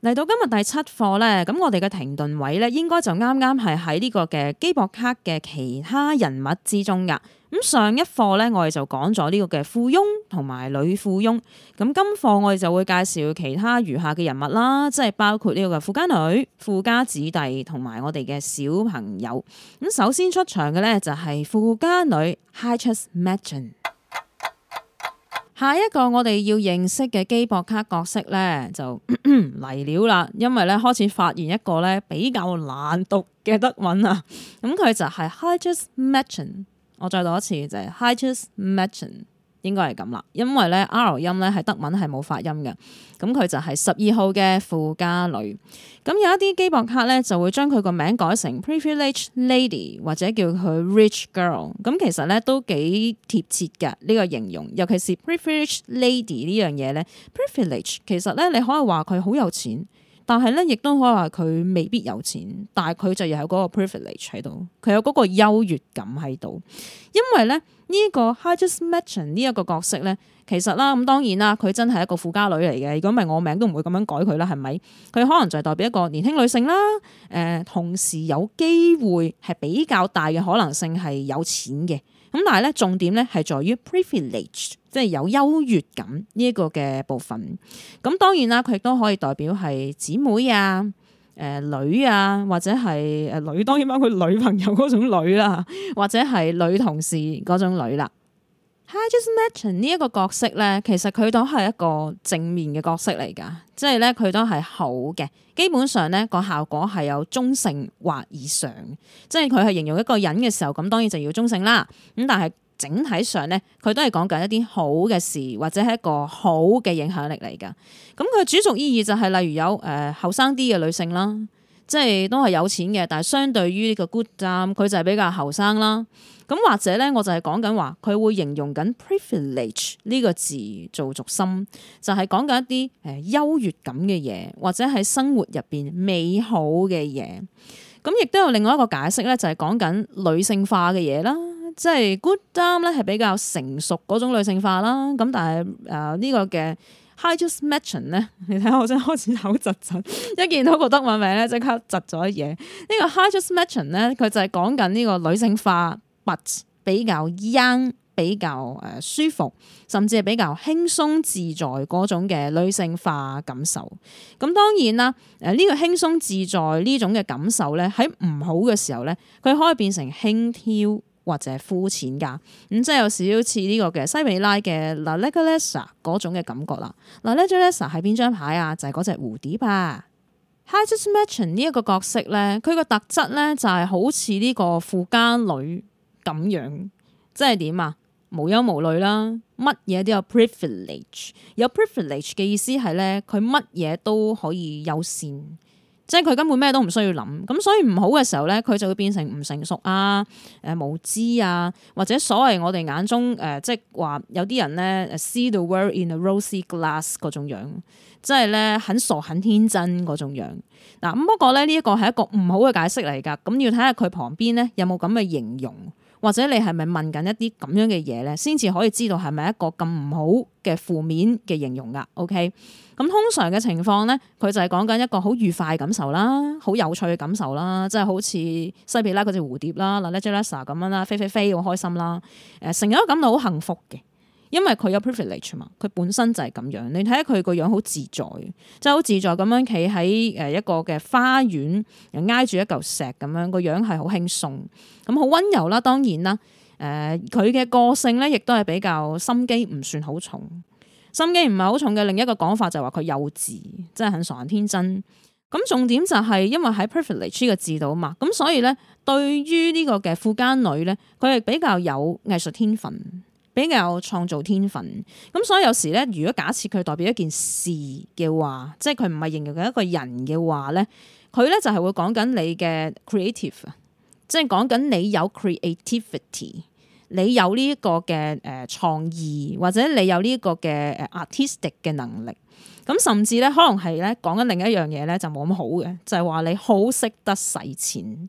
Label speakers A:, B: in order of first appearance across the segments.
A: 嚟到今日第七課咧，咁我哋嘅停頓位咧，應該就啱啱係喺呢個嘅基博克嘅其他人物之中噶。咁上一課咧，我哋就講咗呢個嘅富翁同埋女富翁。咁今課我哋就會介紹其他餘下嘅人物啦，即係包括呢個嘅富家女、富家子弟同埋我哋嘅小朋友。咁首先出場嘅咧就係富家女 Hightess Merton。下一個我哋要認識嘅基博卡角色呢，就嚟料啦，因為呢開始發現一個呢比較難讀嘅德文啊，咁佢就係 Hajus Matching，我再讀一次就係、是、Hajus Matching。應該係咁啦，因為咧 R 音咧係德文係冇發音嘅，咁佢就係十二號嘅富家女。咁有一啲機博客咧就會將佢個名改成 Privilege Lady 或者叫佢 Rich Girl，咁其實咧都幾貼切嘅呢個形容，尤其是 Privilege Lady 呢樣嘢咧，Privilege 其實咧你可以話佢好有錢。但係咧，亦都可以話佢未必有錢，但係佢就又有嗰個 privilege 喺度，佢有嗰個優越感喺度。因為咧呢、這個 I just mention 呢一個角色咧，其實啦，咁當然啦，佢真係一個富家女嚟嘅。如果唔係我名都唔會咁樣改佢啦，係咪？佢可能就係代表一個年輕女性啦。誒、呃，同時有機會係比較大嘅可能性係有錢嘅。咁但係咧，重點咧係在於 privilege，即係有優越感呢一個嘅部分。咁當然啦，佢亦都可以代表係姊妹啊、誒、呃、女啊，或者係誒、呃、女，當然包括女朋友嗰種女啦，或者係女同事嗰種女啦。Highness Matchon 呢一個角色咧，其實佢都係一個正面嘅角色嚟噶，即係咧佢都係好嘅。基本上咧個效果係有中性或以上，即係佢係形容一個人嘅時候，咁當然就要中性啦。咁但係整體上咧，佢都係講緊一啲好嘅事，或者係一個好嘅影響力嚟噶。咁佢嘅主族意義就係例如有誒後生啲嘅女性啦，即係都係有錢嘅，但係相對於呢個 Good Sam，佢就係比較後生啦。咁或者咧，我就係講緊話佢會形容緊 privilege 呢個字做俗心，就係講緊一啲誒優越感嘅嘢，或者喺生活入邊美好嘅嘢。咁亦都有另外一個解釋咧，就係講緊女性化嘅嘢啦，即係 good job 咧係比較成熟嗰種女性化啦。咁但係誒呢個嘅 highness mention 咧，en, 你睇下我真係開始口窒窒，一見到個德文名咧即刻窒咗嘢。呢個 highness mention 咧，佢就係講緊呢個女性化。比較 young，比較誒舒服，甚至係比較輕鬆自在嗰種嘅女性化感受。咁當然啦，誒、這、呢個輕鬆自在呢種嘅感受咧，喺唔好嘅時候咧，佢可以變成輕佻或者係膚淺噶。咁即係有少少似呢個嘅西美拉嘅嗱，Legolas 嗰種嘅感覺啦。嗱，Legolas 係邊張牌啊？就係嗰隻蝴蝶吧、啊。Hi just Matchon 呢一個角色咧，佢個特質咧就係好似呢個富家女。咁樣即係點啊？無憂無慮啦，乜嘢都有 privilege。有 privilege 嘅意思係咧，佢乜嘢都可以優先，即係佢根本咩都唔需要諗。咁所以唔好嘅時候咧，佢就會變成唔成熟啊，誒無知啊，或者所謂我哋眼中誒、呃，即係話有啲人咧，see the world in a rosy glass 嗰種樣，即係咧很傻、很天真嗰種樣。嗱，咁不過咧呢一個係一個唔好嘅解釋嚟㗎，咁要睇下佢旁邊咧有冇咁嘅形容。或者你係咪問緊一啲咁樣嘅嘢咧，先至可以知道係咪一個咁唔好嘅負面嘅形容噶？OK，咁通常嘅情況咧，佢就係講緊一個好愉快嘅感受啦，好有趣嘅感受啦，即係好似西比拉嗰隻蝴蝶啦，啦 a 啦 a 咁樣啦，飛飛飛好開心啦，誒成日都感到好幸福嘅。因為佢有 privilege 嘛，佢本身就係咁樣。你睇下佢個樣好自在，即係好自在咁樣企喺誒一個嘅花園，挨住一嚿石咁樣，個樣係好輕鬆，咁好溫柔啦。當然啦，誒佢嘅個性咧，亦都係比較心機唔算好重，心機唔係好重嘅。另一個講法就係話佢幼稚，真係很傻人天真。咁重點就係因為喺 privilege 呢個字度啊嘛，咁所以咧，對於呢個嘅富家女咧，佢係比較有藝術天分。比較有創造天分，咁所以有時咧，如果假設佢代表一件事嘅話，即係佢唔係形容嘅一個人嘅話咧，佢咧就係會講緊你嘅 creative 啊，即係講緊你有 creativity，你有呢一個嘅誒創意，或者你有呢一個嘅誒 artistic 嘅能力，咁甚至咧可能係咧講緊另一樣嘢咧就冇咁好嘅，就係話你好識得使錢。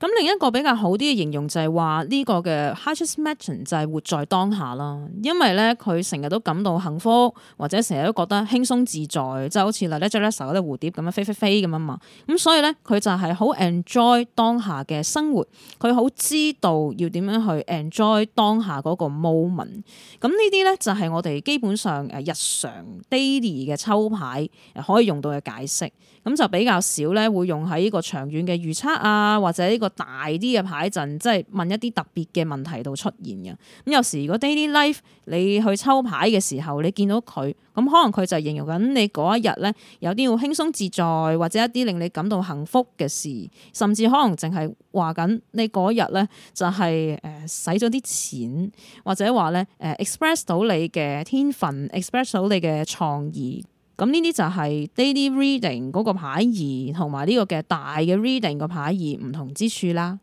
A: 咁另一個比較好啲嘅形容就係話呢個嘅 happiness meditation 就係活在當下啦，因為咧佢成日都感到幸福，或者成日都覺得輕鬆自在，即係好似啦咧 let's say 嗰啲蝴蝶咁樣飛飛飛咁樣嘛，咁所以咧佢就係好 enjoy 當下嘅生活，佢好知道要點樣去 enjoy 當下個 moment。咁呢啲咧就係我哋基本上誒日常 daily 嘅抽牌可以用到嘅解釋，咁就比較少咧會用喺呢個長遠嘅預測啊，或者呢個。大啲嘅牌陣，即係問一啲特別嘅問題度出現嘅。咁有時如果 daily life 你去抽牌嘅時候，你見到佢，咁可能佢就形容緊你嗰一日咧，有啲好輕鬆自在，或者一啲令你感到幸福嘅事，甚至可能淨係話緊你嗰日咧就係誒使咗啲錢，或者話咧誒 express 到你嘅天分，express 到你嘅創意。咁呢啲就係 daily reading 嗰個牌兒，同埋呢個嘅大嘅 reading 個牌兒唔同之處啦。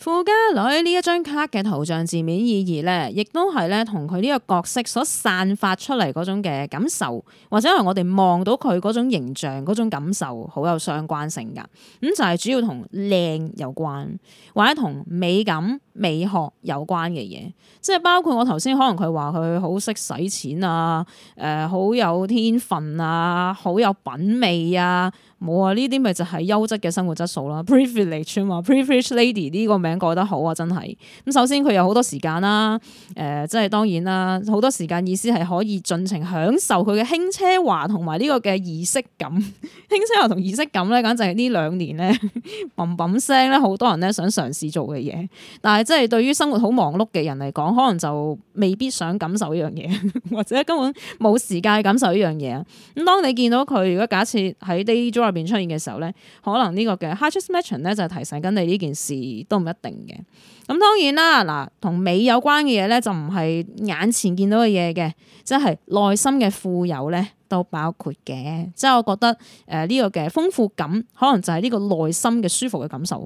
A: 富家女呢一張卡嘅圖像字面意義呢，亦都係呢同佢呢個角色所散發出嚟嗰種嘅感受，或者係我哋望到佢嗰種形象嗰種感受，好有相關性㗎。咁、嗯、就係、是、主要同靚有關，或者同美感、美學有關嘅嘢，即係包括我頭先可能佢話佢好識使錢啊，誒、呃、好有天分啊，好有品味啊。冇啊！呢啲咪就係優質嘅生活質素啦。Privilege 啊嘛，Privilege Lady 呢個名改得好啊，真係咁。首先佢有好多時間啦，誒、呃，即係當然啦，好多時間意思係可以盡情享受佢嘅輕奢華同埋呢個嘅儀式感。 輕奢華同儀式感咧，簡直係呢兩年咧，嘣嘣聲咧，好多人咧想嘗試做嘅嘢。但係即係對於生活好忙碌嘅人嚟講，可能就未必想感受呢樣嘢，或者根本冇時間去感受呢樣嘢。咁當你見到佢，如果假設喺邊出現嘅時候咧，可能呢個嘅 happiness matching 咧就係提醒緊你呢件事都唔一定嘅。咁當然啦，嗱同美有關嘅嘢咧就唔係眼前見到嘅嘢嘅，即係內心嘅富有咧都包括嘅。即係我覺得誒呢、呃這個嘅豐富感可能就係呢個內心嘅舒服嘅感受，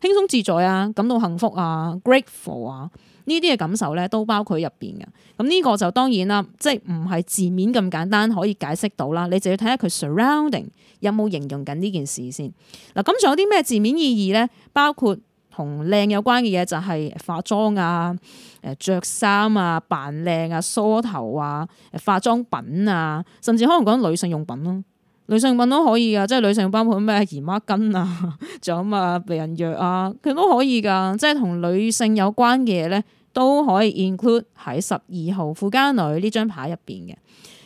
A: 輕鬆自在啊，感到幸福啊，grateful 啊。呢啲嘅感受咧，都包括入邊嘅。咁、這、呢個就當然啦，即係唔係字面咁簡單可以解釋到啦。你就要睇下佢 surrounding 有冇形容緊呢件事先。嗱、嗯，咁仲有啲咩字面意義咧？包括同靚有關嘅嘢，就係、是、化妝啊、誒著衫啊、扮靚啊、梳頭啊、化妝品啊，甚至可能講女性用品咯、啊。女性品都可以噶，即係女性包括咩，姨媽巾啊，仲有啊，避孕藥啊，佢都可以噶。即係同女性有關嘅嘢咧，都可以 include 喺十二號富家女呢張牌入邊嘅。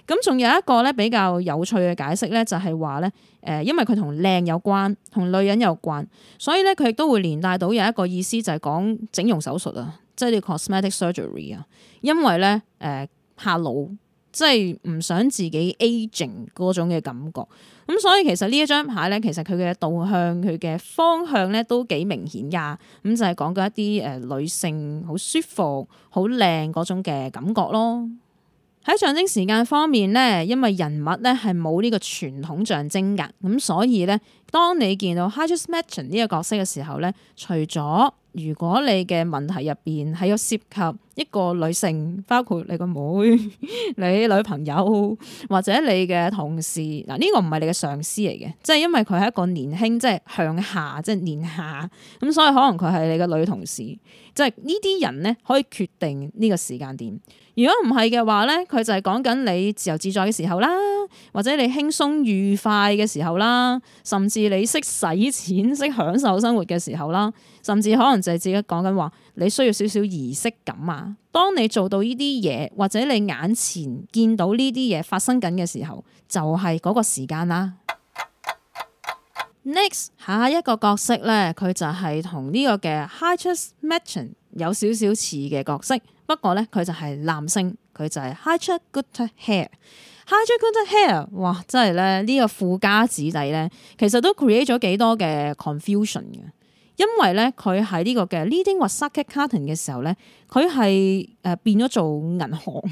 A: 咁仲有一個咧比較有趣嘅解釋咧，就係話咧，誒，因為佢同靚有關，同女人有關，所以咧佢亦都會連帶到有一個意思，就係、是、講整容手術啊，即、就、係、是、啲 cosmetic surgery 啊，因為咧，誒、呃，怕老。即係唔想自己 aging 嗰種嘅感覺，咁所以其實呢一張牌呢，其實佢嘅導向佢嘅方向呢都幾明顯㗎，咁就係講緊一啲誒女性好舒服、好靚嗰種嘅感覺咯。喺象徵時間方面呢，因為人物呢係冇呢個傳統象徵㗎，咁所以呢。當你見到 Hajus Matchon 呢、這個角色嘅時候咧，除咗如果你嘅問題入邊係要涉及一個女性，包括你個妹、妹、你女朋友或者你嘅同事，嗱、這、呢個唔係你嘅上司嚟嘅，即係因為佢係一個年輕，即係向下，即係年下，咁所以可能佢係你嘅女同事，即係呢啲人咧可以決定呢個時間點。如果唔係嘅話咧，佢就係講緊你自由自在嘅時候啦。或者你輕鬆愉快嘅時候啦，甚至你識使錢、識享受生活嘅時候啦，甚至可能就係自己講緊話，你需要少少儀式感啊。當你做到呢啲嘢，或者你眼前見到呢啲嘢發生緊嘅時候，就係嗰個時間啦。Next 下一個角色呢，佢就係同呢個嘅 High Trust Merchant 有少少似嘅角色，不過呢，佢就係男性，佢就係 High Trust Good Hair。Hair, wow！真係咧，呢個富家子弟咧，其實都 create 咗幾多嘅 confusion 嘅，因為咧佢喺呢個嘅 leading 或 sucker cutting 嘅時候咧，佢係誒變咗做銀行，呵呵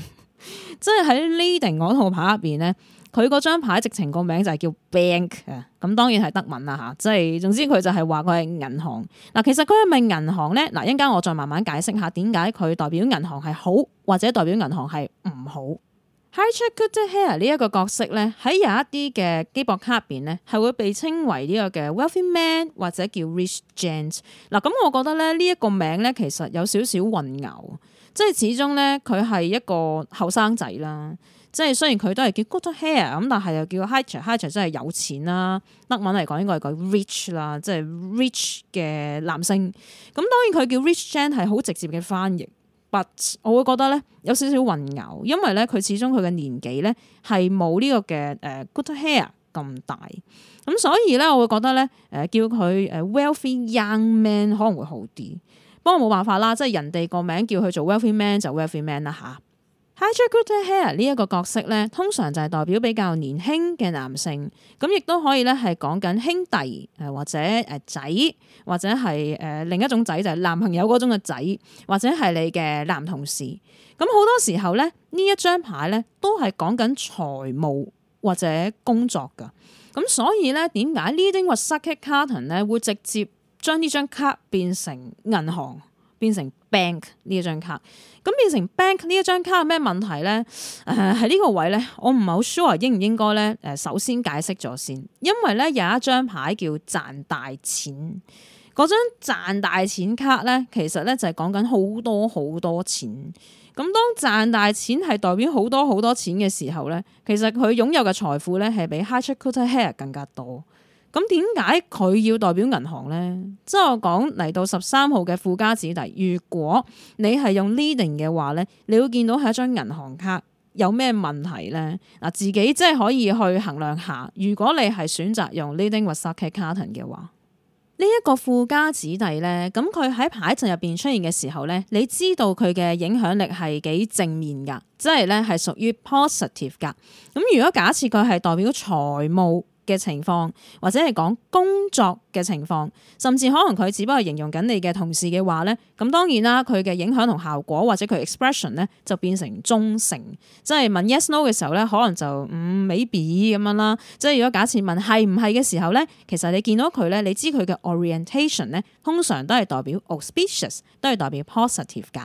A: 即係喺 leading 嗰套牌入邊咧，佢嗰張牌直情個名就係叫 bank 啊，咁當然係德文啦吓，即係總之佢就係話佢係銀行。嗱，其實佢係咪銀行咧？嗱，一陣間我再慢慢解釋下點解佢代表銀行係好，或者代表銀行係唔好。Hatcher Good to Hair 呢一個角色咧，喺有一啲嘅機博卡入邊咧，係會被稱為呢個嘅 wealthy man 或者叫 rich gent。嗱咁，我覺得咧呢一個名咧其實有少少混淆，即係始終咧佢係一個後生仔啦。即係雖然佢都係叫 Good to Hair 咁，但係又叫 h a t c h Hatcher 真係有錢啦。德文嚟講應該係講 rich 啦，即係 rich 嘅男性。咁當然佢叫 rich gent 係好直接嘅翻譯。But 我會覺得咧有少少混淆，因為咧佢始終佢嘅年紀咧係冇呢個嘅誒、呃、good hair 咁大，咁所以咧我會覺得咧誒、呃、叫佢誒 wealthy young man 可能會好啲，不過冇辦法啦，即係人哋個名叫佢做 wealthy man 就 wealthy man 啦吓。Major Gutter Hair 呢一個角色咧，通常就係代表比較年輕嘅男性，咁亦都可以咧係講緊兄弟，誒或者誒仔、呃，或者係誒、呃、另一種仔就係、是、男朋友嗰種嘅仔，或者係你嘅男同事。咁好多時候咧，呢一張牌咧都係講緊財務或者工作噶。咁所以咧，點解 Leading with Sucky Cutting 咧會直接將呢張卡變成銀行？變成 bank 呢一張卡，咁變成 bank 呢一張卡有咩問題咧？誒喺呢個位咧，我唔係好 sure 應唔應該咧，誒首先解釋咗先，因為咧有一張牌叫賺大錢，嗰張賺大錢卡咧，其實咧就係講緊好多好多錢。咁當賺大錢係代表好多好多錢嘅時候咧，其實佢擁有嘅財富咧係比 hatchcock to hair 更加多。咁點解佢要代表銀行呢？即係我講嚟，到十三號嘅富家子弟，如果你係用 leading 嘅話呢，你會見到係一張銀行卡有咩問題呢？嗱，自己即係可以去衡量下。如果你係選擇用 leading or p s 嘅話，呢、這、一個富家子弟呢，咁佢喺牌陣入邊出現嘅時候呢，你知道佢嘅影響力係幾正面噶？即係呢係屬於 positive 噶。咁如果假設佢係代表財務。嘅情況，或者係講工作嘅情況，甚至可能佢只不過形容緊你嘅同事嘅話咧。咁當然啦，佢嘅影響同效果，或者佢 expression 咧，就變成中性。即係問 yes no 嘅時候咧，可能就嗯 maybe 咁樣啦。即係如果假設問係唔係嘅時候咧，其實你見到佢咧，你知佢嘅 orientation 咧，通常都係代表 auspicious，都係代表 positive 㗎。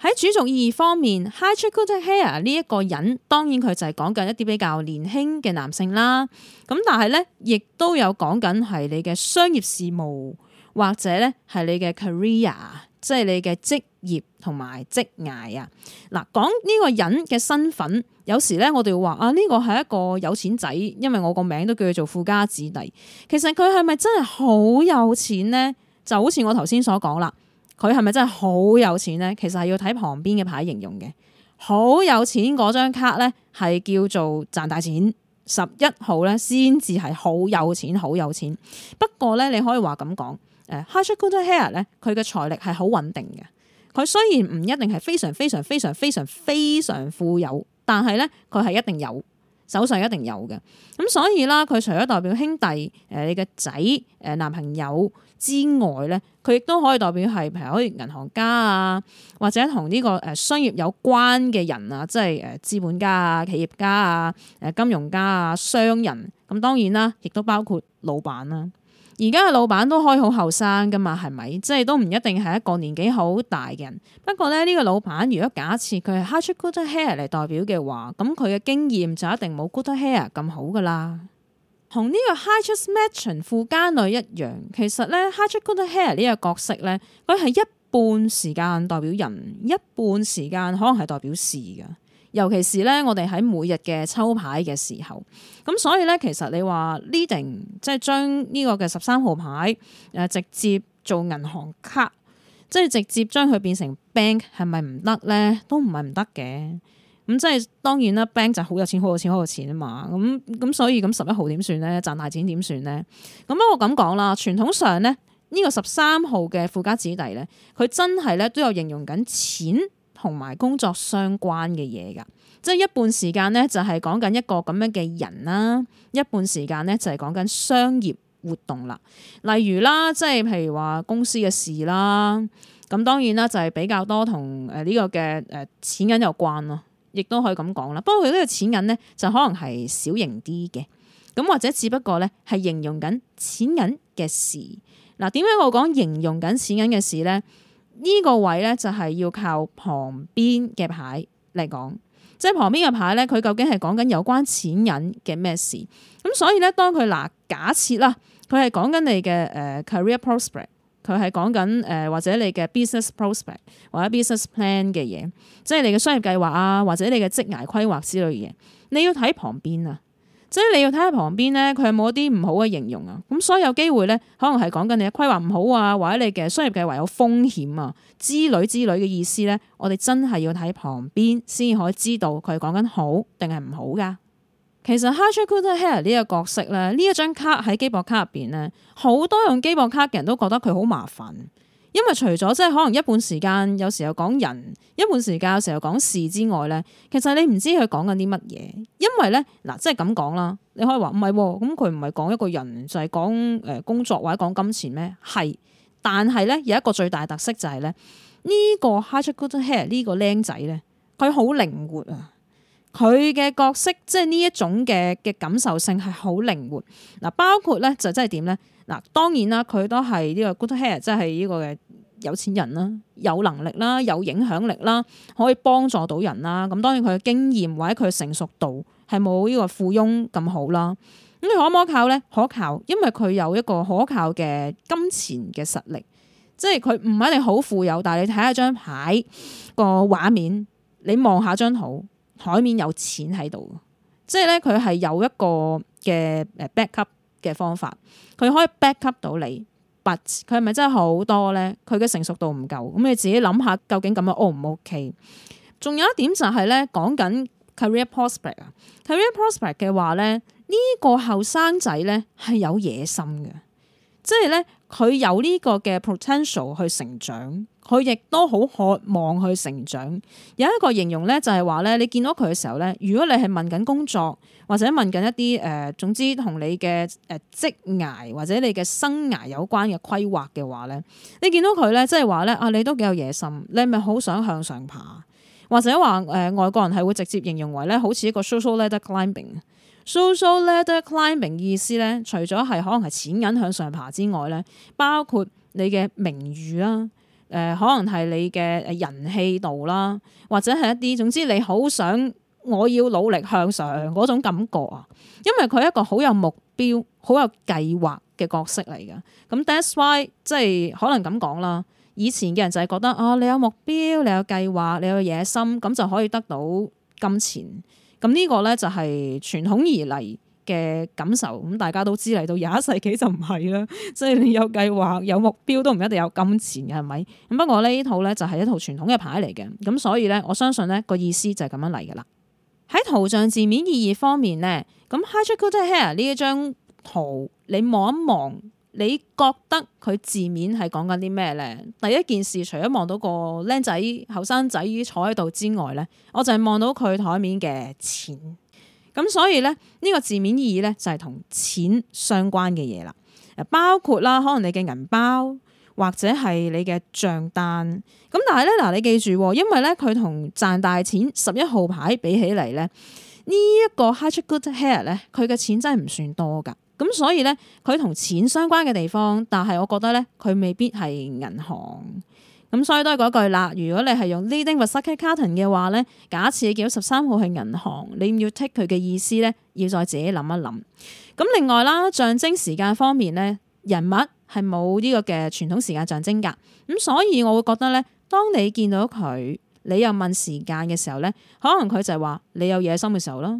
A: 喺主軸意義方面，high cheek good hair 呢一個人，當然佢就係講緊一啲比較年輕嘅男性啦。咁但係咧，亦都有講緊係你嘅商業事務，或者咧係你嘅 career，即係你嘅職業同埋職涯啊。嗱，講呢個人嘅身份，有時咧我哋要話啊，呢個係一個有錢仔，因為我個名都叫佢做富家子弟。其實佢係咪真係好有錢咧？就好似我頭先所講啦。佢係咪真係好有錢咧？其實係要睇旁邊嘅牌形容嘅。好有錢嗰張卡咧，係叫做賺大錢。十一號咧，先至係好有錢，好有錢。不過咧，你可以話咁講，誒，Hush Good Hair 咧，佢嘅財力係好穩定嘅。佢雖然唔一定係非常非常非常非常非常富有，但係咧，佢係一定有，手上一定有嘅。咁所以啦，佢除咗代表兄弟，誒，你嘅仔，誒，男朋友，之外咧，佢亦都可以代表係，譬如可以銀行家啊，或者同呢個誒商業有關嘅人啊，即係誒資本家啊、企業家啊、誒金融家啊、商人。咁當然啦，亦都包括老闆啦。而家嘅老闆都可以好後生噶嘛，係咪？即係都唔一定係一個年紀好大嘅人。不過咧，呢、呢個老闆如果假設佢係 cut good hair 嚟代表嘅話，咁佢嘅經驗就一定冇 good hair 咁好噶啦。同呢個 High Trust Matching 富家女一樣，其實咧 High Trust Good Hair 呢個角色咧，佢係一半時間代表人，一半時間可能係代表事噶。尤其是咧，我哋喺每日嘅抽牌嘅時候，咁所以咧，其實你話 leading，即係將呢個嘅十三號牌誒直接做銀行卡，即係直接將佢變成 bank 係咪唔得咧？都唔係唔得嘅。咁即係當然啦，bank 就好有錢，好有錢，好有錢啊嘛！咁咁所以咁十一號點算咧？賺大錢點算咧？咁我咁講啦，傳統上咧呢個十三號嘅富家子弟咧，佢真係咧都有形容緊錢同埋工作相關嘅嘢㗎，即係一半時間咧就係講緊一個咁樣嘅人啦，一半時間咧就係講緊商業活動啦，例如啦，即係譬如話公司嘅事啦，咁當然啦就係比較多同誒呢個嘅誒錢銀有關咯。亦都可以咁講啦。不過佢呢個錢銀咧，就可能係小型啲嘅咁，或者只不過咧係形容緊錢銀嘅事嗱。點解我講形容緊錢銀嘅事咧？呢個位咧就係要靠旁邊嘅牌嚟講，即係旁邊嘅牌咧，佢究竟係講緊有關錢銀嘅咩事咁？所以咧，當佢嗱，假設啦，佢係講緊你嘅誒 career prospect。佢係講緊誒，或者你嘅 business prospect 或者 business plan 嘅嘢，即係你嘅商業計劃啊，或者你嘅職涯規劃之類嘅嘢，你要睇旁邊啊，即係你要睇下旁邊咧，佢有冇一啲唔好嘅形容啊。咁所以有機會咧，可能係講緊你嘅規劃唔好啊，或者你嘅商業計劃有風險啊，之類之類嘅意思咧，我哋真係要睇旁邊先可以知道佢係講緊好定係唔好噶。其實 Hatcher Good Hair 呢個角色咧，呢一張卡喺機博卡入邊咧，好多用機博卡嘅人都覺得佢好麻煩，因為除咗即係可能一半時間有時候講人，一半時間有時候講事之外咧，其實你唔知佢講緊啲乜嘢。因為咧嗱，即係咁講啦，你可以話唔係喎，咁佢唔係講一個人，就係講誒工作或者講金錢咩？係，但係咧有一個最大特色就係咧，呢個 Hatcher Good Hair 呢個靚仔咧，佢好靈活啊！佢嘅角色即係呢一種嘅嘅感受性係好靈活嗱，包括咧就真係點咧嗱，當然啦，佢都係呢個 good hair，即係呢個嘅有錢人啦，有能力啦，有影響力啦，可以幫助到人啦。咁當然佢嘅經驗或者佢嘅成熟度係冇呢個富翁咁好啦。咁你可唔可靠咧？可靠，因為佢有一個可靠嘅金錢嘅實力，即係佢唔係一定好富有，但係你睇下張牌個畫面，你望下張圖。海面有錢喺度，即係咧佢係有一個嘅誒 back up 嘅方法，佢可以 back up 到你，but 佢係咪真係好多咧？佢嘅成熟度唔夠，咁你自己諗下究竟咁樣 O 唔 O K？仲有一點就係咧，講緊 career prospect 啊，career prospect 嘅話咧，呢個後生仔咧係有野心嘅，即係咧佢有呢個嘅 potential 去成長。佢亦都好渴望去成長。有一個形容咧，就係話咧，你見到佢嘅時候咧，如果你係問緊工作或者問緊一啲誒，總之同你嘅誒職涯或者你嘅生涯有關嘅規劃嘅話咧，你見到佢咧，即係話咧，啊你都幾有野心，你係咪好想向上爬，或者話誒外國人係會直接形容為咧，好似一個 social ladder climbing。social ladder climbing 意思咧，除咗係可能係錢銀向上爬之外咧，包括你嘅名譽啦。誒可能係你嘅人氣度啦，或者係一啲，總之你好想我要努力向上嗰種感覺啊，因為佢係一個好有目標、好有計劃嘅角色嚟㗎。咁 that's why 即係可能咁講啦。以前嘅人就係覺得啊、哦，你有目標、你有計劃、你有野心，咁就可以得到金錢。咁、這、呢個咧就係傳統而嚟，嘅感受，咁大家都知嚟到廿一世紀就唔係啦，即係你有計劃、有目標都唔一定有金錢嘅，係咪？咁不過呢套呢，就係一套傳統嘅牌嚟嘅，咁所以呢，我相信呢個意思就係咁樣嚟嘅啦。喺圖像字面意義方面呢，咁 h y d r o c l o r e r 呢一張圖，你望一望，你覺得佢字面係講緊啲咩呢？第一件事，除咗望到個靚仔、後生仔坐喺度之外呢，我就係望到佢台面嘅錢。咁所以咧，呢個字面意義咧就係同錢相關嘅嘢啦，包括啦，可能你嘅銀包或者係你嘅帳單。咁但係咧嗱，你記住，因為咧佢同賺大錢十一號牌比起嚟咧，呢、這、一個 Hatch Good Hair 咧，佢嘅錢真係唔算多㗎。咁所以咧，佢同錢相關嘅地方，但係我覺得咧，佢未必係銀行。咁所以都係嗰句啦，如果你係用 leading 或 Versace Carton 嘅話咧，假設你見到十三號係銀行，你唔要 take 佢嘅意思咧，要再自己諗一諗。咁另外啦，象徵時間方面咧，人物係冇呢個嘅傳統時間象徵噶。咁所以我會覺得咧，當你見到佢，你又問時間嘅時候咧，可能佢就係話你有野心嘅時候啦，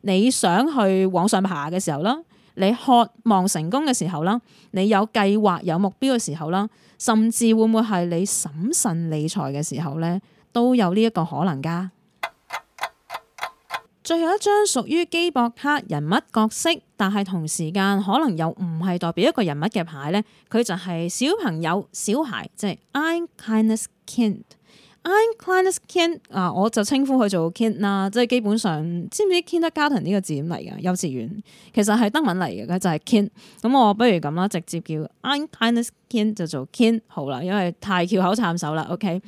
A: 你想去往上爬嘅時候啦，你渴望成功嘅時候啦，你有計劃有目標嘅時候啦。甚至會唔會係你審慎理財嘅時候呢？都有呢一個可能㗎。最後一張屬於基博卡人物角色，但係同時間可能又唔係代表一個人物嘅牌呢，佢就係小朋友、小孩，即係 I'm Kindness Kid Kindergarten 啊，我就稱呼佢做 Kind 啦、啊，即係基本上知唔知 Kindergarten 呢個字點嚟嘅幼稚園，其實係德文嚟嘅，就係、是、Kind。咁我不如咁啦，直接叫 Kindergarten 就做 Kind 好啦，因為太巧口插手啦。o、okay?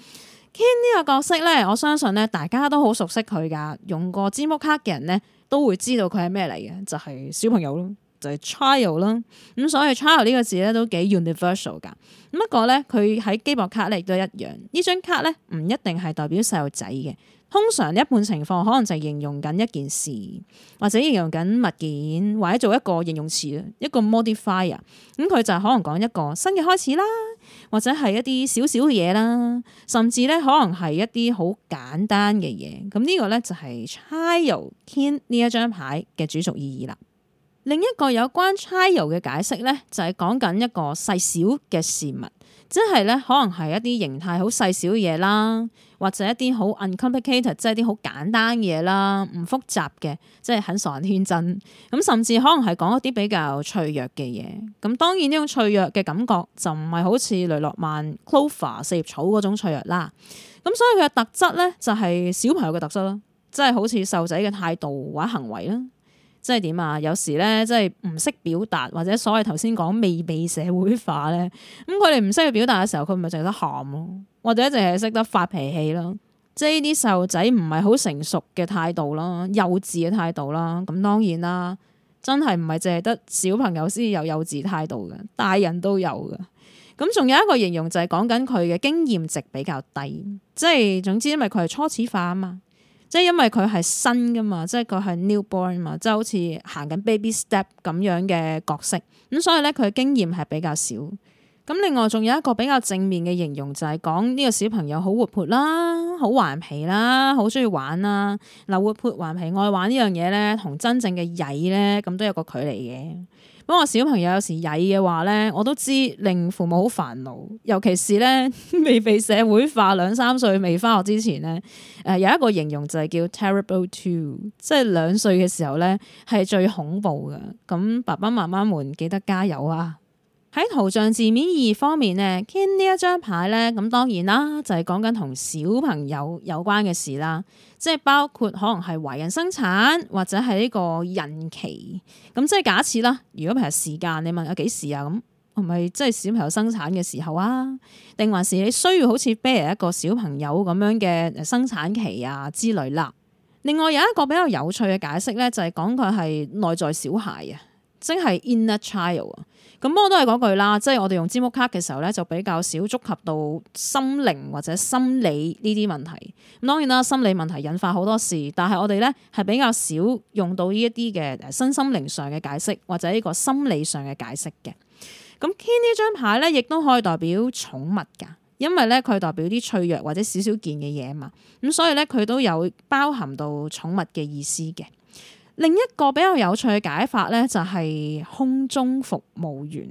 A: Kind 呢個角色咧，我相信咧大家都好熟悉佢噶，用過積木卡嘅人咧都會知道佢係咩嚟嘅，就係、是、小朋友咯。就係 child 啦，咁所以 child 呢個字咧都幾 universal 噶。咁不過咧，佢喺基博卡咧亦都一樣張呢。呢張卡咧唔一定係代表細路仔嘅，通常一般情況可能就係形容緊一件事，或者形容緊物件，或者做一個形容詞，一個 modifier、嗯。咁佢就可能講一個新嘅開始啦，或者係一啲少少嘅嘢啦，甚至咧可能係一啲好簡單嘅嘢。咁、這個、呢個咧就係、是、child kin 呢一張牌嘅主軸意義啦。另一個有關 child 嘅解釋咧，就係、是、講緊一個細小嘅事物，即係咧可能係一啲形態好細小嘢啦，或者一啲好 uncomplicated，即係啲好簡單嘢啦，唔複雜嘅，即係很傻人天真。咁甚至可能係講一啲比較脆弱嘅嘢。咁當然呢種脆弱嘅感覺就唔係好似雷諾曼 clover 四葉草嗰種脆弱啦。咁所以佢嘅特質咧就係、是、小朋友嘅特質啦，即係好似細路仔嘅態度或者行為啦。即係點啊？有時咧，即係唔識表達或者所謂頭先講未被社會化咧，咁佢哋唔識去表達嘅時候，佢咪淨係得喊咯，或者淨係識得發脾氣咯。即係呢啲細路仔唔係好成熟嘅態度咯，幼稚嘅態度啦。咁當然啦，真係唔係淨係得小朋友先有幼稚態度嘅，大人都有噶。咁仲有一個形容就係講緊佢嘅經驗值比較低，即係總之，因為佢係初始化啊嘛。即係因為佢係新噶嘛，即係佢係 newborn 嘛，即係好似行緊 baby step 咁樣嘅角色，咁所以咧佢經驗係比較少。咁另外仲有一個比較正面嘅形容就係講呢個小朋友好活潑啦，好頑皮啦，好中意玩啦。嗱、呃，活潑頑皮愛玩呢樣嘢咧，同真正嘅曳咧咁都有個距離嘅。不過小朋友有時曳嘅話咧，我都知令父母好煩惱。尤其是咧未被社會化兩歲，兩三歲未翻學之前咧，誒有一個形容就係叫 terrible two，即係兩歲嘅時候咧係最恐怖嘅。咁爸爸媽媽們記得加油啊！喺圖像字面意義方面呢 Kin 呢一張牌呢，咁當然啦，就係講緊同小朋友有關嘅事啦，即係包括可能係懷孕生產或者係呢個孕期。咁即係假設啦，如果平時時間你問有幾時啊，咁係咪即係小朋友生產嘅時候啊？定還是你需要好似 Bear 一個小朋友咁樣嘅生產期啊之類啦？另外有一個比較有趣嘅解釋呢，就係講佢係內在小孩啊，即係 inner child 啊。咁我都係講句啦，即係我哋用詹姆卡嘅時候咧，就比較少觸及到心靈或者心理呢啲問題。咁當然啦，心理問題引發好多事，但係我哋咧係比較少用到呢一啲嘅身心靈上嘅解釋，或者呢個心理上嘅解釋嘅。咁 Kin 呢張牌咧，亦都可以代表寵物㗎，因為咧佢代表啲脆弱或者少少見嘅嘢啊嘛。咁所以咧，佢都有包含到寵物嘅意思嘅。另一個比較有趣嘅解法咧，就係空中服務員，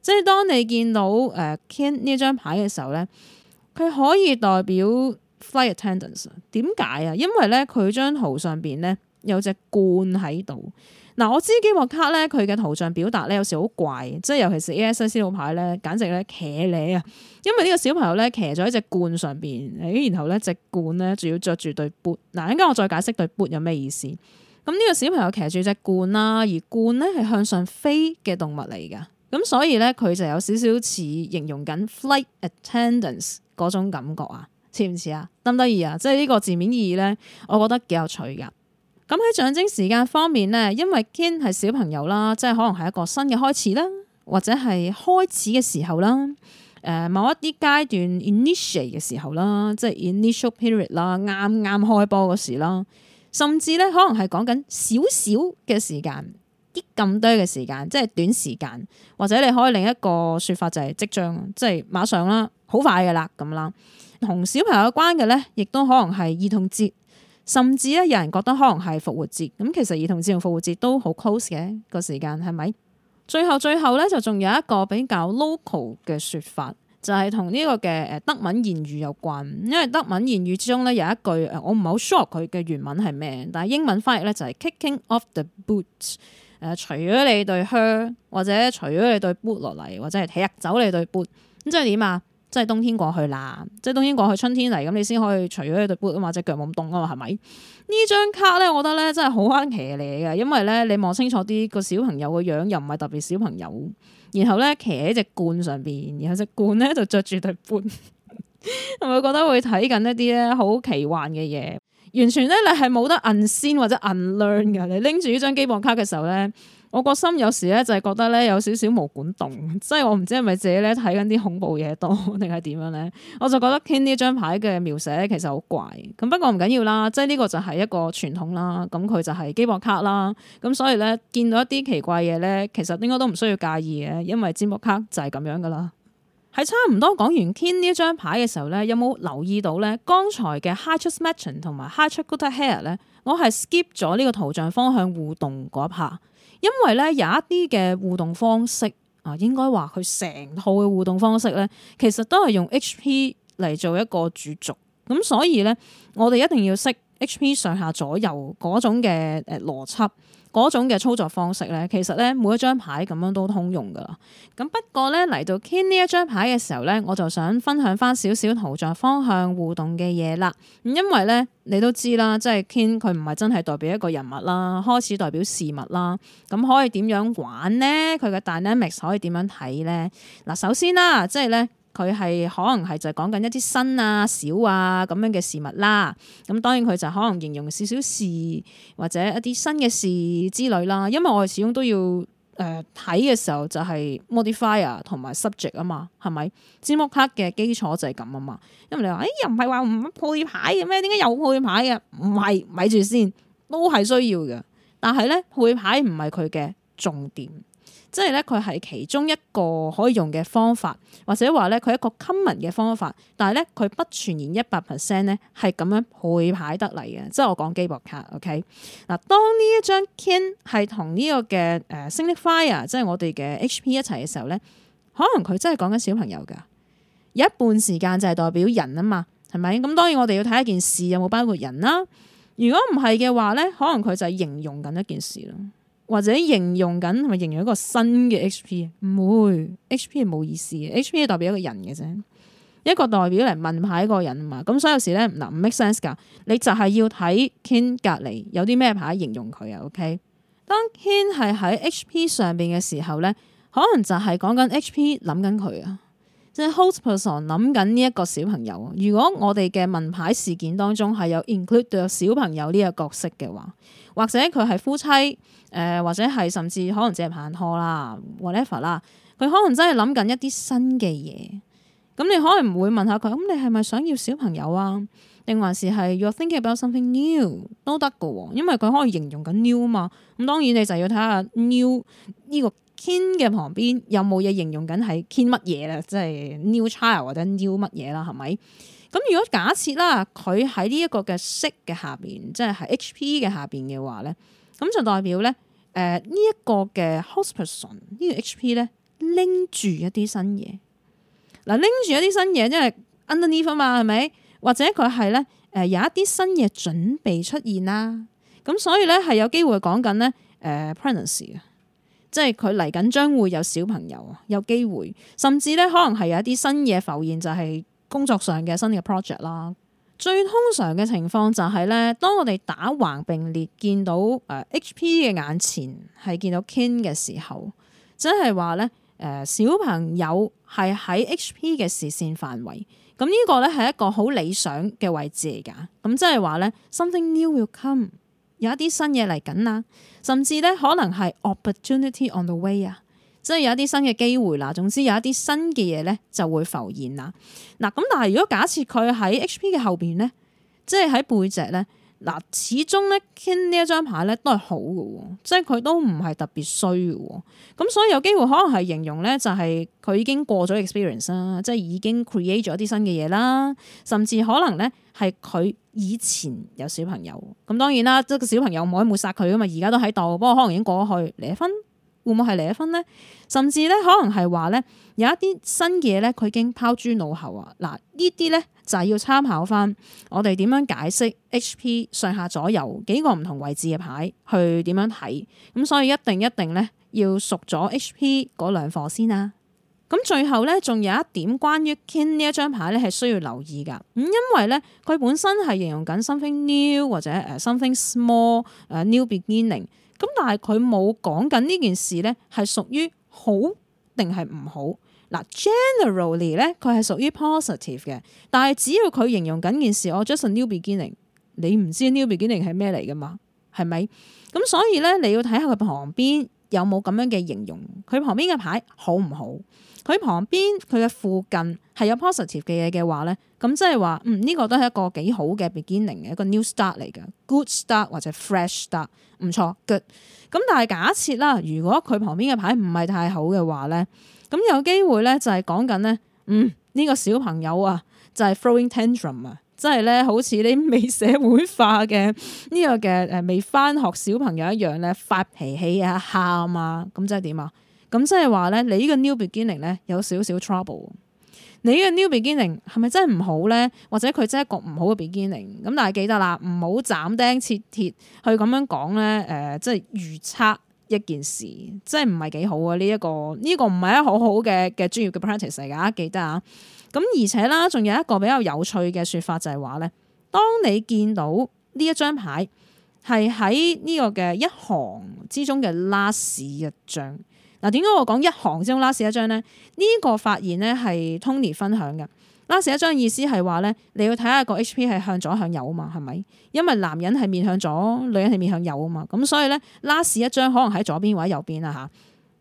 A: 即係當你見到誒 Ken 呢張牌嘅時候咧，佢可以代表 flight attendants。點解啊？因為咧佢張圖上邊咧有隻罐喺度。嗱、嗯，我知機務卡咧佢嘅圖像表達咧有時好怪，即係尤其是 ASAC 老牌咧，簡直咧騎呢啊！因為呢個小朋友咧騎咗喺隻罐上邊，然後咧隻罐咧仲要着住對 boot 嗱，而、嗯、家我再解釋對 boot 有咩意思。咁呢個小朋友騎住隻罐啦，而罐咧係向上飛嘅動物嚟㗎，咁所以咧佢就有少少似形容緊 flight attendance 嗰種感覺啊，似唔似啊？得唔得意啊？即係呢個字面意義咧，我覺得幾有趣㗎。咁喺象徵時間方面咧，因為 Ken 係小朋友啦，即係可能係一個新嘅開始啦，或者係開始嘅時候啦，誒、呃、某一啲階段 initiate 嘅時候啦，即係 initial period 啦，啱啱開波嗰時啦。甚至咧，可能係講緊少少嘅時間，啲咁多嘅時間，即係短時間，或者你可以另一個說法就係即將，即係馬上啦，好快噶啦咁啦。同小朋友有關嘅咧，亦都可能係兒童節，甚至咧有人覺得可能係復活節。咁其實兒童節同復活節都好 close 嘅，個時間係咪？最後最後咧就仲有一個比較 local 嘅說法。就係同呢個嘅誒德文言語有關，因為德文言語之中咧有一句誒，我唔係好 shock 佢嘅原文係咩？但係英文翻譯咧就係、是、kicking off the boots，誒除咗你對靴，或者除咗你對 boot 落嚟，或者係踢走你對 boot，咁即係點啊？即係冬天過去啦，即係冬天過去，春天嚟，咁你先可以除咗你對 boot 啊嘛，隻腳冇咁凍啊嘛，係咪？呢張卡咧，我覺得咧真係好翻騎呢嘅，因為咧你望清楚啲個小朋友個樣，又唔係特別小朋友。然後咧企喺隻罐上邊，然後隻罐咧就着住對半，係 咪覺得會睇緊一啲咧好奇幻嘅嘢？完全咧你係冇得 unsee 或者 unlearn 嘅，你拎住呢張機王卡嘅時候咧。我個心有時咧就係覺得咧有少少毛管動，即係我唔知係咪自己咧睇緊啲恐怖嘢多定係點樣咧？我就覺得傾呢張牌嘅描寫其實好怪，咁不過唔緊要啦，即係呢個就係一個傳統啦，咁佢就係基博卡啦，咁所以咧見到一啲奇怪嘢咧，其實應該都唔需要介意嘅，因為基博卡就係咁樣噶啦。喺差唔多講完 Ken 呢張牌嘅時候咧，有冇留意到咧？剛才嘅 High Touch Matching 同埋 High Touch Good Hair 咧，我係 skip 咗呢個圖像方向互動嗰一下，因為咧有一啲嘅互動方式啊，應該話佢成套嘅互動方式咧，其實都係用 HP 嚟做一個主軸，咁所以咧我哋一定要識 HP 上下左右嗰種嘅誒邏輯。嗰種嘅操作方式咧，其實咧每一張牌咁樣都通用噶啦。咁不過咧嚟到 King 呢一張牌嘅時候咧，我就想分享翻少少圖像方向互動嘅嘢啦。咁因為咧你都知啦，即係 King 佢唔係真係代表一個人物啦，開始代表事物啦。咁可以點樣玩呢？佢嘅 dynamics 可以點樣睇咧？嗱，首先啦、啊，即係咧。佢係可能係就講緊一啲新啊、小啊咁樣嘅事物啦，咁當然佢就可能形容少少事或者一啲新嘅事之類啦。因為我哋始終都要誒睇嘅時候就係 modifier 同埋 subject 啊嘛，係咪？grammar 嘅基礎就係咁啊嘛。因為你話誒、欸、又唔係話唔配牌嘅咩？點解又配牌嘅？唔係，咪住先，都係需要嘅。但係咧配牌唔係佢嘅重點。即係咧，佢係其中一個可以用嘅方法，或者話咧，佢一個 common 嘅方法。但係咧，佢不傳言一百 percent 咧，係咁樣配牌得嚟嘅。即係我講機博卡，OK？嗱，當呢一張 Kin 係同呢個嘅誒 signifier，即係我哋嘅 HP 一齊嘅時候咧，可能佢真係講緊小朋友噶有一半時間就係代表人啊嘛，係咪？咁當然我哋要睇一件事有冇包括人啦。如果唔係嘅話咧，可能佢就係形容緊一件事咯。或者形容緊，係咪形容一個新嘅 HP，唔會 HP 係冇意思嘅，HP 係代表一個人嘅啫，一個代表嚟問一下一個人啊嘛，咁所以有時咧，嗱，唔 make sense 㗎，你就係要睇 Ken 隔離有啲咩牌形容佢啊，OK？當 Ken 係喺 HP 上邊嘅時候咧，可能就係講緊 HP 諗緊佢啊。即係 host person 諗緊呢一個小朋友，如果我哋嘅文牌事件當中係有 include 到小朋友呢個角色嘅話，或者佢係夫妻，誒、呃、或者係甚至可能只係拍拖啦 whatever 啦，佢可能真係諗緊一啲新嘅嘢，咁你可能唔會問下佢，咁你係咪想要小朋友啊？定還是係 You're thinking about something new 都得嘅喎，因為佢可以形容緊 new 嘛。咁當然你就要睇下 new 呢個 kin 嘅旁邊有冇嘢形容緊係 kin 乜嘢啦，即係 new child 或者 new 乜嘢啦，係咪？咁如果假設啦，佢喺呢一個嘅色嘅下邊，即係係 HP 嘅下邊嘅話咧，咁就代表咧，誒呢一個嘅 hospital 呢個 HP 咧拎住一啲新嘢。嗱，拎住一啲新嘢，因為 underneath 啊嘛，係咪？或者佢係咧，誒有一啲新嘢準備出現啦，咁所以咧係有機會講緊咧，誒 pregnancy 啊，即係佢嚟緊將會有小朋友，有機會甚至咧可能係有一啲新嘢浮現，就係、是、工作上嘅新嘅 project 啦。最通常嘅情況就係、是、咧，當我哋打橫並列見到誒 HP 嘅眼前係見到 King 嘅時候，即係話咧，誒小朋友係喺 HP 嘅視線範圍。咁呢個咧係一個好理想嘅位置嚟㗎，咁即係話咧 something new will come，有一啲新嘢嚟緊啦，甚至咧可能係 opportunity on the way 啊，即係有一啲新嘅機會啦，總之有一啲新嘅嘢咧就會浮現啦。嗱，咁但係如果假設佢喺 HP 嘅後邊咧，即係喺背脊咧。嗱，始終咧，傾呢一張牌咧都係好嘅喎，即係佢都唔係特別衰嘅喎，咁所以有機會可能係形容咧就係佢已經過咗 experience 啦，即係已經 create 咗啲新嘅嘢啦，甚至可能咧係佢以前有小朋友，咁當然啦，即係個小朋友唔可以抹殺佢啊嘛，而家都喺度，不過可能已經過咗去離婚。會唔會係離咗婚呢？甚至咧，可能係話咧，有一啲新嘅嘢咧，佢已經拋諸腦後啊！嗱，呢啲咧就係、是、要參考翻我哋點樣解釋 HP 上下左右幾個唔同位置嘅牌去點樣睇。咁所以一定一定咧要熟咗 HP 嗰兩課先啊！咁最後咧，仲有一點關於 King 呢一張牌咧，係需要留意噶。咁因為咧，佢本身係形容緊 something new 或者誒 something small 誒 new beginning。咁但係佢冇講緊呢件事咧，係屬於好定係唔好嗱？Generally 咧，佢係屬於 positive 嘅。但係只要佢形容緊件事，我、oh, just new beginning 你唔知 new beginning 係咩嚟噶嘛？係咪？咁所以咧，你要睇下佢旁邊有冇咁樣嘅形容，佢旁邊嘅牌好唔好？佢旁邊佢嘅附近係有 positive 嘅嘢嘅話咧，咁即係話嗯呢個都係一個幾好嘅 beginning 嘅一個 new start 嚟㗎，good start 或者 fresh start 唔錯，good。咁但係假設啦，如果佢旁邊嘅牌唔係太好嘅話咧，咁有機會咧就係講緊咧，嗯呢個小朋友啊就係 throwing tantrum 啊，即係咧好似啲未社會化嘅呢個嘅誒未返學小朋友一樣咧，發脾氣啊喊啊，咁即係點啊？咁即係話咧，你呢個 new beginning 咧有少少 trouble。你呢個 new beginning 係咪真係唔好咧？或者佢真係一個唔好嘅 beginning？咁但係記得啦，唔好斬釘切鐵去咁樣講咧。誒、呃，即係預測一件事，即係唔係幾好啊。呢、這、一個呢、這個唔係一好好嘅嘅專業嘅 practice 嚟㗎。記得啊。咁而且啦，仲有一個比較有趣嘅說法就係話咧，當你見到呢一張牌係喺呢個嘅一行之中嘅 last 一張。嗱，點解我講一行先中 last 一張呢？呢個發現咧係 Tony 分享嘅。last 一張意思係話呢，你要睇下個 HP 係向左向右啊嘛，係咪？因為男人係面向左，女人係面向右啊嘛。咁所以呢，last 一張可能喺左邊或者右邊啊嚇。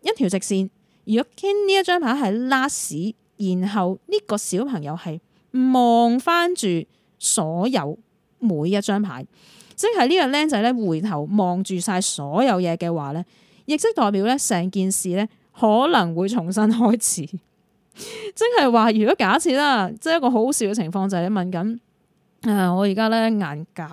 A: 一條直線，如果傾呢一張牌係 last，然後呢個小朋友係望翻住所有每一張牌，即係呢個僆仔呢，回頭望住晒所有嘢嘅話呢。亦即代表咧，成件事咧可能會重新開始 即，即係話如果假設啦，即係一個好好笑嘅情況就係、是、你問緊，誒、呃、我而家咧眼教，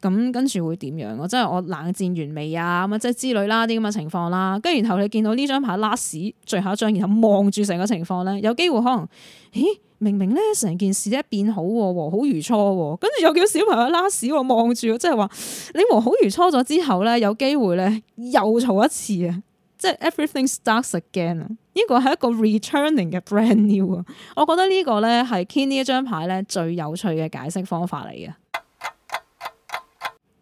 A: 咁跟住會點樣？即係我冷戰完未啊？咁啊即係之類啦啲咁嘅情況啦，跟住然後你見到呢張牌拉屎最後一張，然後望住成個情況咧，有機會可能，咦？明明咧成件事一變好和好如初，跟住又叫小朋友拉屎，望住即係話你和好如初咗之後咧，有機會咧又嘈一次啊！即係 everything starts again 啊！呢個係一個 returning 嘅 brand new 啊！我覺得呢個咧係 key 呢一張牌咧最有趣嘅解釋方法嚟嘅。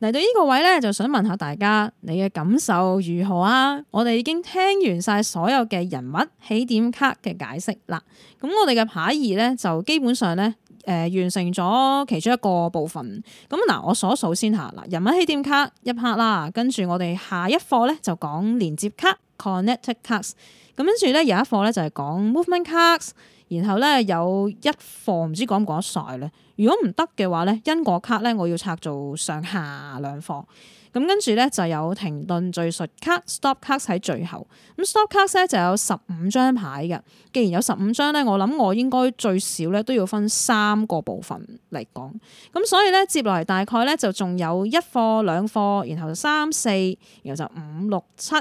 A: 嚟到呢個位咧，就想問下大家，你嘅感受如何啊？我哋已經聽完晒所有嘅人物起點卡嘅解釋啦。咁我哋嘅牌二咧就基本上咧，誒、呃、完成咗其中一個部分。咁嗱，我數數先吓嗱，人物起點卡一 part 啦，跟住我哋下一課咧就講連接卡 connected cards，咁跟住咧有一課咧就係、是、講 movement cards。然後咧有一課唔知講唔講得晒咧？如果唔得嘅話咧，因果卡咧我要拆做上下兩課。咁跟住咧就有停頓敘述卡、stop 卡喺最後。咁 stop 卡咧就有十五張牌嘅。既然有十五張咧，我諗我應該最少咧都要分三個部分嚟講。咁所以咧接落嚟大概咧就仲有一課、兩課，然後就三四，然後就五六七。咁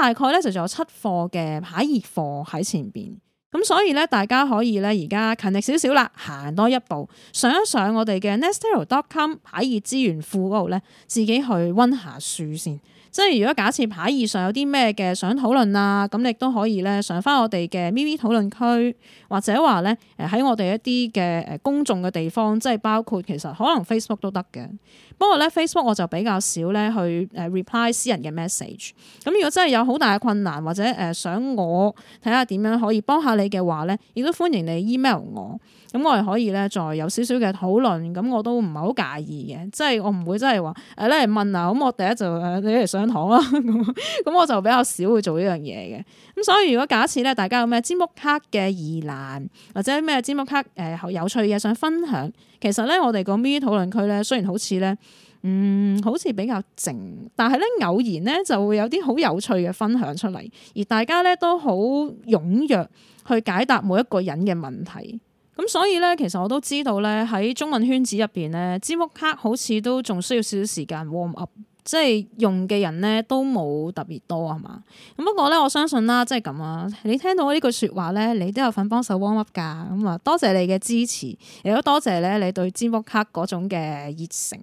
A: 大概咧就仲有七課嘅牌熱課喺前邊。咁所以咧，大家可以咧而家勤力少少啦，行多一步，上一上我哋嘅 Nestero.com 牌熱資源庫嗰度咧，自己去溫下書先。即係如果假設牌熱上有啲咩嘅想討論啊，咁你都可以咧上翻我哋嘅咪咪討論區，或者話咧，誒喺我哋一啲嘅誒公眾嘅地方，即係包括其實可能 Facebook 都得嘅。看看少少，不過咧，Facebook 我就比較少咧去誒 reply 私人嘅 message。咁如果真係有好大嘅困難或者誒想我睇下點樣可以幫下你嘅話咧，亦都歡迎你 email 我。咁我哋可以咧再有少少嘅討論，咁我都唔係好介意嘅。即係我唔會真係話誒咧嚟問啊，咁我第一就你嚟上堂啦。咁咁我就比較少會做呢樣嘢嘅。咁所以如果假設咧大家有咩占卜卡嘅疑難或者咩占卜卡誒有趣嘢想分享。其實咧，我哋個 MEE 討論區咧，雖然好似咧，嗯，好似比較靜，但係咧偶然咧就會有啲好有趣嘅分享出嚟，而大家咧都好踴躍去解答每一個人嘅問題。咁所以咧，其實我都知道咧，喺中文圈子入邊咧，詹木卡好似都仲需要少少時間 warm up。即係用嘅人咧都冇特別多啊，係嘛？咁不過咧，我相信啦，即係咁啊！你聽到我句呢句説話咧，你都有份幫手 warm up 噶咁啊！多謝你嘅支持，亦都多謝咧你對占卜卡嗰種嘅熱誠。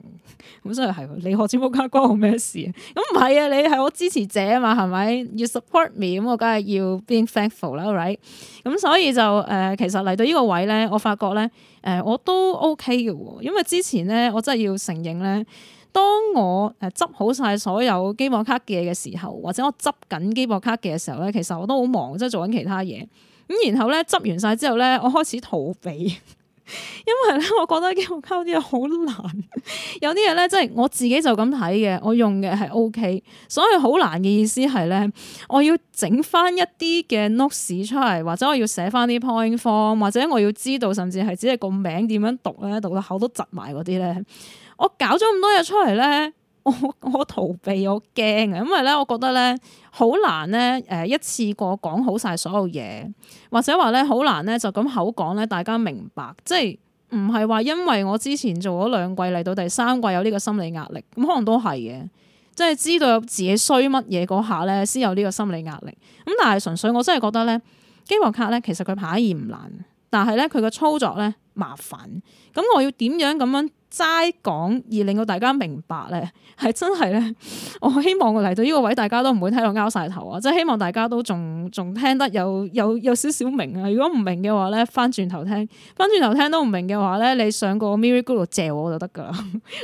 A: 咁所以係，你學占卜卡關我咩事啊？咁唔係啊，你係我支持者啊嘛，係咪？要 support me，咁我梗係要 being thankful 啦，right？咁所以就誒、呃，其實嚟到呢個位咧，我發覺咧誒、呃，我都 OK 嘅喎，因為之前咧，我真係要承認咧。當我誒執好晒所有基博卡嘅嘢嘅時候，或者我執緊基博卡嘅時候咧，其實我都好忙，即係做緊其他嘢。咁然後咧，執完晒之後咧，我開始逃避，因為咧，我覺得基博卡啲嘢好難。 有啲嘢咧，即係我自己就咁睇嘅，我用嘅係 O K。所以好難嘅意思係咧，我要整翻一啲嘅 notes 出嚟，或者我要寫翻啲 point form，或者我要知道，甚至係只係個名點樣讀咧，讀到口都窒埋嗰啲咧。我搞咗咁多嘢出嚟咧，我我逃避，我驚啊！因為咧，我覺得咧好難咧，誒一次過講好晒所有嘢，或者話咧好難咧就咁口講咧，大家明白，即係唔係話因為我之前做咗兩季嚟到第三季有呢個心理壓力，咁可能都係嘅，即係知道自己衰乜嘢嗰下咧，先有呢個心理壓力。咁但係純粹我真係覺得咧，機博卡咧其實佢牌易唔難，但係咧佢嘅操作咧麻煩。咁我要點樣咁樣？齋講而令到大家明白咧，係真係咧。我希望我嚟到呢個位，大家都唔會睇到拗晒頭啊！即係希望大家都仲仲聽得有有有少少明啊！如果唔明嘅話咧，翻轉頭聽，翻轉頭聽都唔明嘅話咧，你上個 Miracle 借我就得噶啦。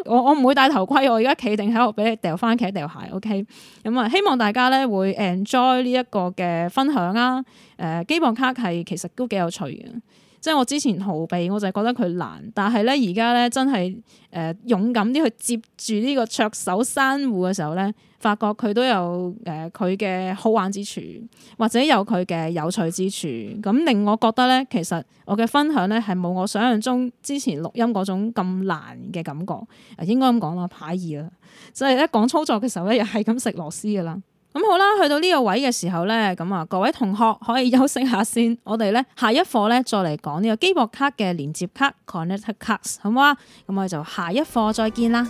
A: 我我唔會戴頭盔，我而家企定喺度俾你掉番茄、掉鞋。OK，咁啊，希望大家咧會 enjoy 呢一個嘅分享啊！誒，機王卡係其實都幾有趣嘅。即係我之前逃避，我就係覺得佢難。但係咧，而家咧真係誒、呃、勇敢啲去接住呢個灼手珊瑚嘅時候咧，發覺佢都有誒佢嘅好玩之處，或者有佢嘅有趣之處。咁令我覺得咧，其實我嘅分享咧係冇我想像中之前錄音嗰種咁難嘅感覺。應該咁講啦，牌二啦，所、就、以、是、一講操作嘅時候咧，又係咁食螺絲噶啦。咁好啦，去到呢個位嘅時候呢，咁啊各位同學可以休息下先，我哋呢下一課呢再嚟講呢個機博卡嘅連接卡 （connect cards） 好唔好啊？咁我哋就下一課再見啦。